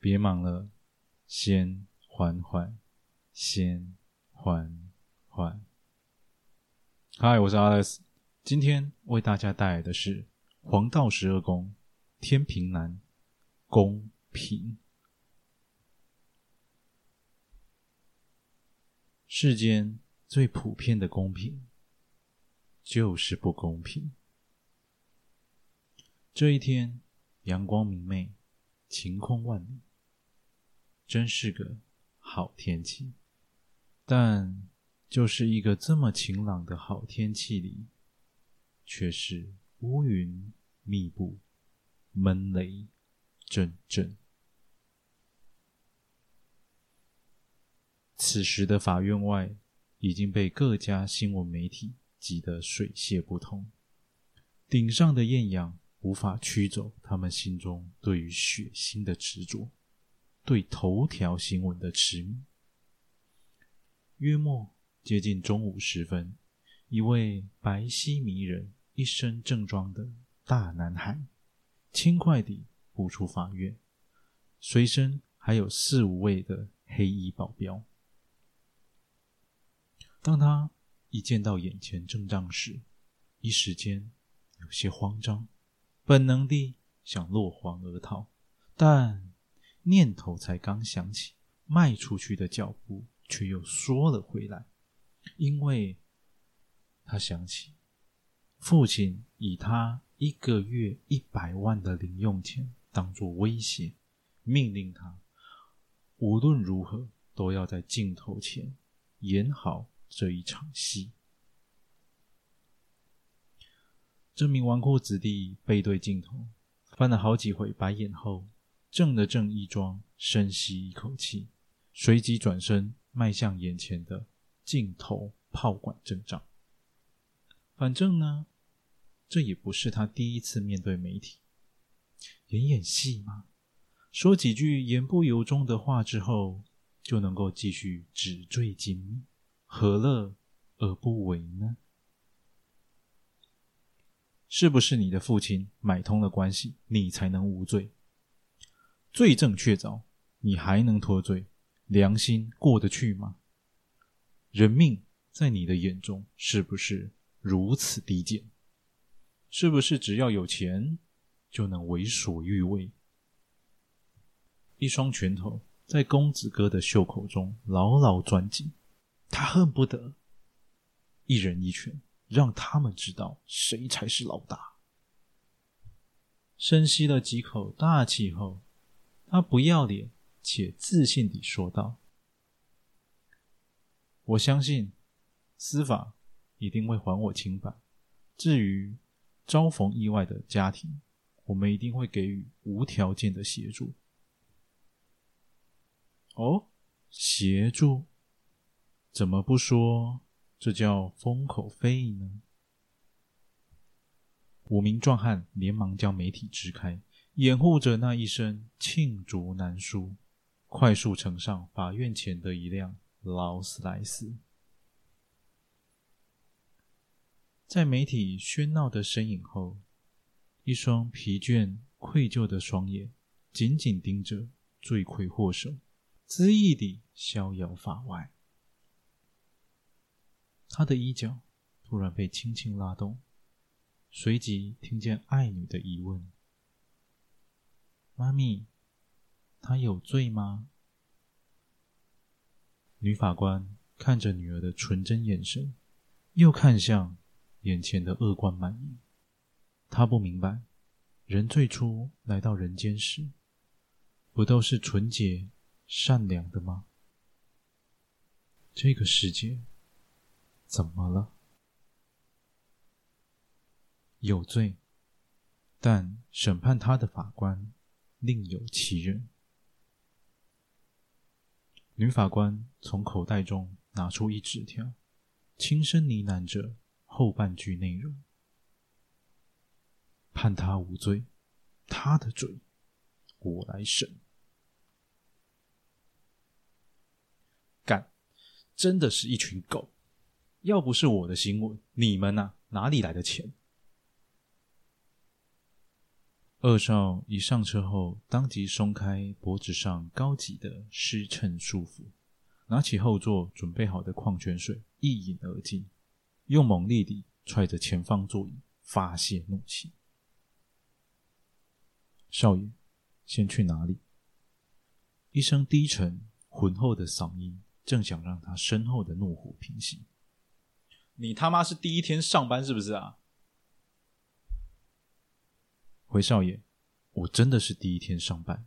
別忙了，先緩緩，先緩緩。嗨，我是 Alex，今天為大家帶來的是黃道十二宮，天秤男，公平。世間最普遍的公平，就是不公平。這一天陽光明媚，晴空萬里。真是個好天氣，但就是一個這麼晴朗的好天氣裡，卻是烏雲密布，悶雷陣陣。此時的法院外已經被各家新聞媒體擠得水泄不通，頂上的艷陽無法驅走他們心中對於血腥的執着。對頭條新聞的痴迷。約莫接近中午時分，一位白皙迷人、一身正裝的大男孩，輕快地步出法院，隨身還有四五位的黑衣保鏢。當他一見到眼前陣仗時，一時間有些慌張，本能地想落荒而逃，但……念頭才剛想起，邁出去的腳步卻又縮了回來，因為，他想起父親以他一個月一百萬的零用錢當做威脅，命令他無論如何都要在鏡頭前演好這一場戲。這名紈絝子弟背對鏡頭，翻了好幾回白眼後，正的正衣裝，深吸一口氣，隨即轉身邁向眼前的鏡頭砲管陣仗。反正呢，這也不是他第一次面對媒體，演演戲嘛，說幾句言不由衷的話之後，就能夠繼續紙醉金迷，何樂而不為呢？是不是你的父親買通了關係，你才能無罪？罪證確鑿，你還能脫罪，良心過得去嗎？人命在你的眼中是不是如此低賤？是不是只要有錢就能為所欲為？一雙拳頭在公子哥的袖口中牢牢攥緊，他恨不得一人一拳，讓他們知道誰才是老大。深吸了幾口大氣後，他不要臉，且自信地說道：“我相信司法一定會還我清白。至於遭逢意外的家庭，我們一定會給予無條件的協助。”哦，協助？怎麼不說這叫封口費呢？五名壯漢連忙將媒體支開。掩護着那一身罄竹難書，快速乘上法院前的一輛勞斯萊斯。在媒體喧鬧的身影後，一雙疲倦、愧疚，疚的雙眼緊緊盯着罪魁禍首，恣意地逍遙法外。她的衣角突然被輕輕拉動，隨即聽見愛女的疑問。媽咪，他有罪嗎？女法官看着女兒的純真眼神，又看向眼前的惡貫滿盈。她不明白，人最初來到人間時，不都是純潔、善良的嗎？這個世界怎麼了？有罪，但審判他的法官。另有其人。女法官從口袋中拿出一紙條，輕聲呢喃着後半句內容：“判他無罪，他的罪，我來審。”幹，真的是一群狗！要不是我的新聞，你們吶、啊、哪裡來的錢？惡少一上車後，當即鬆開脖子上高級的絲襯束縛，拿起後座準備好的礦泉水一飲而盡，又猛力地踹着前方座椅發洩怒氣。少爺，先去哪裡？一聲低沉渾厚的嗓音正想讓他身後的怒火平息。你他媽是第一天上班是不是啊？回少爺，我真的是第一天上班。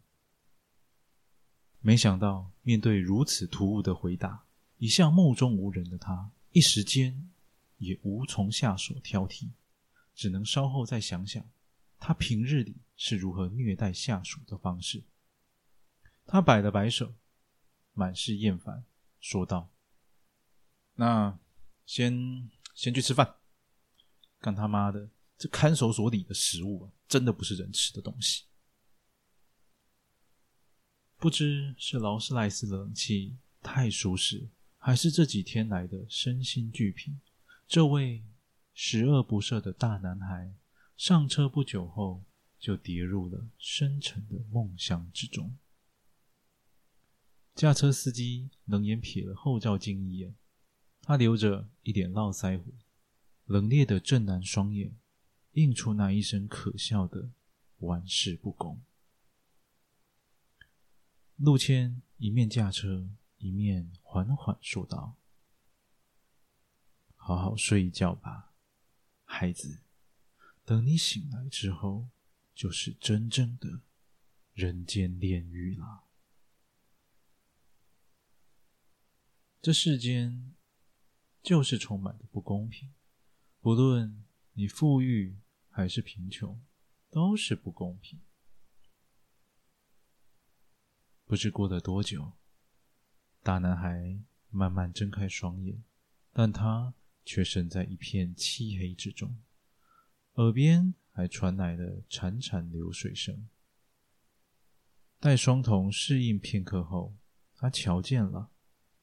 沒想到面對如此突兀的回答，一向目中無人的他，一時間也無從下手挑剔，只能稍後再想想，他平日裡是如何虐待下屬的方式。他擺了擺手，滿是厭煩，說道：“那先先去吃飯，幹他媽的這看守所裡的食物啊。真的不是人吃的東西。不知是勞斯萊斯的冷氣太舒適，還是這幾天來的身心俱疲，這位十惡不赦的大男孩上車不久後就跌入了深沉的夢鄉之中。駕車司機冷眼瞥了後照鏡一眼，他留着一臉絡腮鬍，冷冽的湛藍雙眼。映出那一身可笑的玩世不恭。陸謙一面駕車，一面緩緩說道：“好好睡一覺吧，孩子。等你醒來之後，就是真正的人間煉獄了。這世間就是充滿的不公平，不論你富裕。”還是貧窮，都是不公平。不知過了多久，大男孩慢慢睜開雙眼，但他卻身在一片漆黑之中，耳邊還傳來了潺潺流水聲。待雙瞳適應片刻後，他瞧見了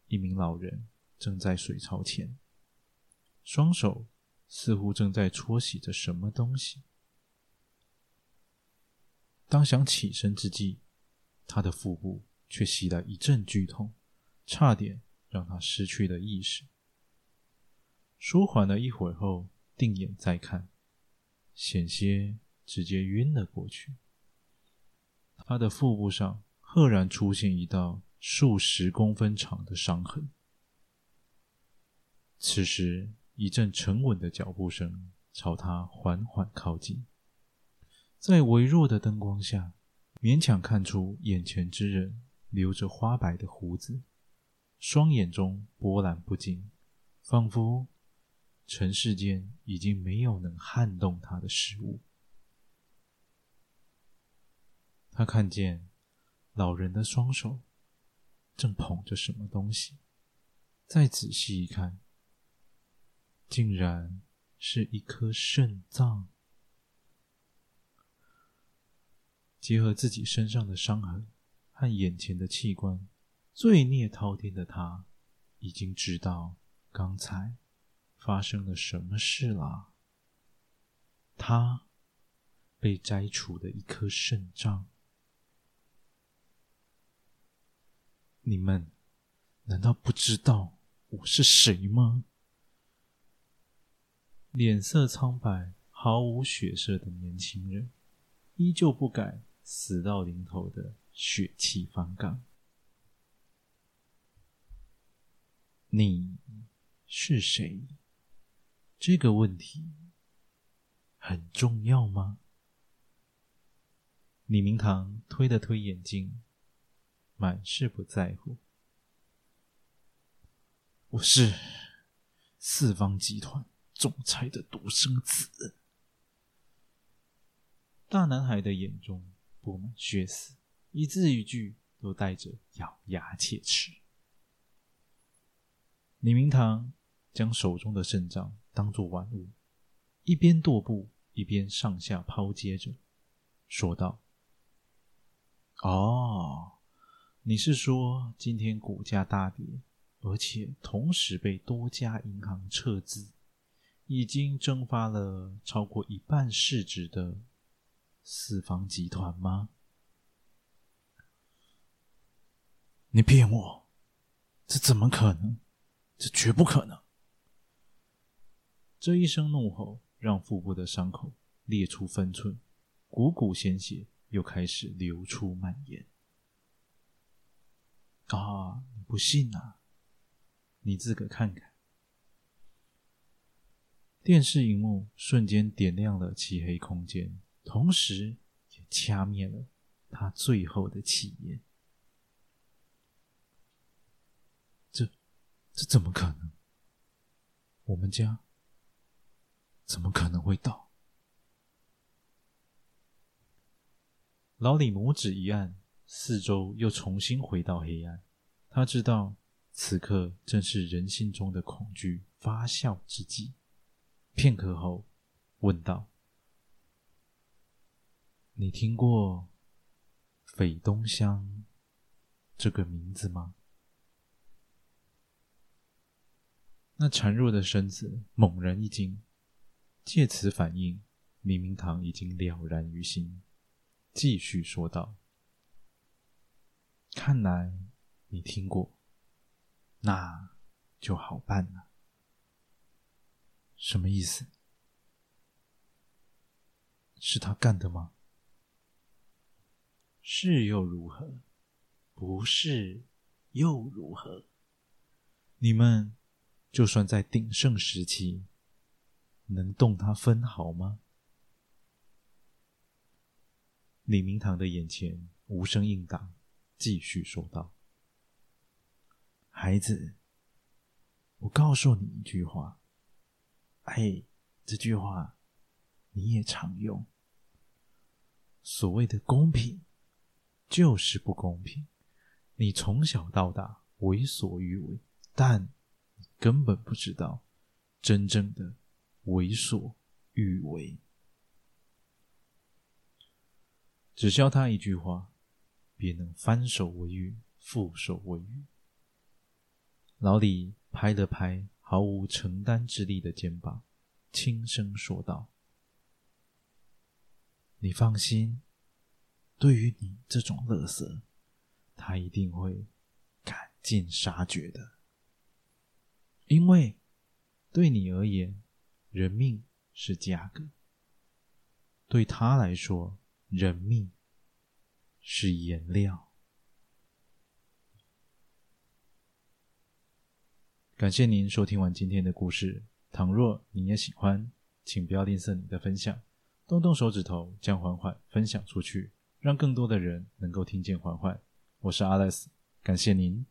一名老人正在水槽前，雙手，似乎正在搓洗着什麼東西。當想起身之際，他的腹部卻襲來一陣劇痛，差點讓他失去了意識。舒緩了一會兒後，定眼再看，險些直接暈了過去。他的腹部上赫然出現一道數十公分長的傷痕。此時，一陣沉穩的腳步聲朝他緩緩靠近，在微弱的燈光下，勉強看出眼前之人留着花白的鬍子，雙眼中波瀾不驚，仿佛塵世間已經沒有能撼動他的事物。他看見老人的雙手正捧着什麼東西，再仔細一看。竟然是一顆腎臟。結合自己身上的傷痕和眼前的器官，罪孽滔天的他，已經知道剛才發生了什麼事了。他被摘除了一顆腎臟。你們難道不知道我是誰嗎？臉色蒼白、毫無血色的年輕人，依舊不改死到臨頭的血氣方剛。你是誰？這個問題很重要嗎？李明棠推了推眼鏡，滿是不在乎。我是四方集團總裁的獨生子！大男孩的眼中布滿血絲，一字一句都帶着咬牙切齒。李明棠將手中的腎臟當做玩物，一邊踱步，一邊上下拋接着，說道：“哦，你是說今天股價大跌，而且同時被多家銀行撤資？”已經蒸發了超過一半市值的四方集團嗎？你騙我！這怎麼可能？這絕不可能！這一聲怒吼讓腹部的傷口裂出分寸，汩汩鮮血又開始流出蔓延。啊！你不信啊？你自個兒看看。電視熒幕瞬間點亮了漆黑空間，同時也掐滅了他最後的氣焰。這，這怎麼可能？我們家怎麼可能會倒？老李拇指一按，四周又重新回到黑暗。他知道，此刻正是人心中的恐懼發酵之際。片刻後，問道：“你聽過‘斐東湘’這個名字嗎？”那孱弱的身子猛然一驚，借此反應，李明棠已經了然於心，繼續說道：“看來你聽過，那就好辦了。”什麼意思？是他幹的嗎？是又如何？不是又如何？你們就算在鼎盛時期，能動他分毫嗎？李明棠的眼前無聲應答，繼續說道：“孩子，我告訴你一句話。”哎，這句話你也常用。所謂的公平，就是不公平。你從小到大為所欲為，但你根本不知道真正的為所欲為。只消他一句話，便能翻手為雲，覆手為雨。老李拍了拍。毫無承擔之力的肩膀，輕聲說道：“你放心，對於你這種垃圾，他一定會趕盡殺絕的。因為對你而言，人命是價格；對他來說，人命是顏料。”感謝您收聽完今天的故事。倘若你也喜歡，請不要吝嗇你的分享，動動手指頭將環環分享出去，讓更多的人能夠聽見環環。我是 Alex，感謝您。